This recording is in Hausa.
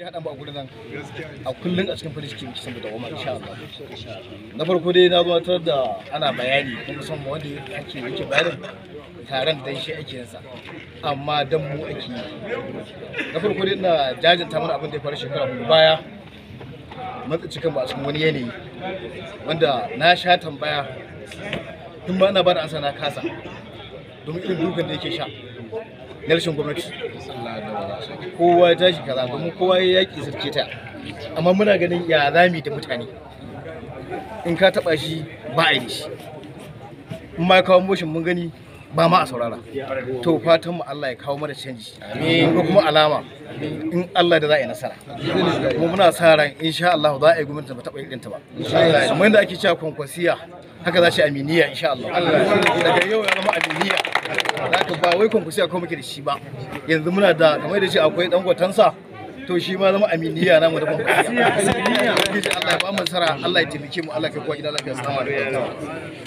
ya haɗa ba gudu a kullum a cikin farin cikin kisan da goma insha Allah na farko dai na zo tar da ana bayani kuma musamman wanda ake yake bayanin taron dan shi ake yinsa amma dan mu ake yi na farko dai ina jajinta mana abin da ya faru shekara hudu baya matsa cikin ba a cikin wani yanayi wanda na sha tambaya in ba na ba da ansa na kasa domin irin dukan da yake sha na rashin gwamnati kowa ya tashi kaza domin kowa ya yaƙi zarce ta amma muna ganin ya zami da mutane in ka taɓa shi ba a yi shi in ma kawo moshin mun gani ba ma a saurara to fatan mu Allah ya kawo mana canji Ko kuma alama in Allah da za a yi nasara kuma muna sa ran insha Allah za a yi gwamnati ba taɓa irin ta ba kamar yadda ake cewa kwankwasiya haka za shi aminiya insha Allah daga yau ya zama aminiya ba wai kusa akwai muke da shi ba yanzu muna da kamar da shi akwai dan gwatansa to shi ma zama aminiya namu da kwankwasi Allah ya ba mu nasara Allah ya taimake mu Allah ya kai gida lafiya assalamu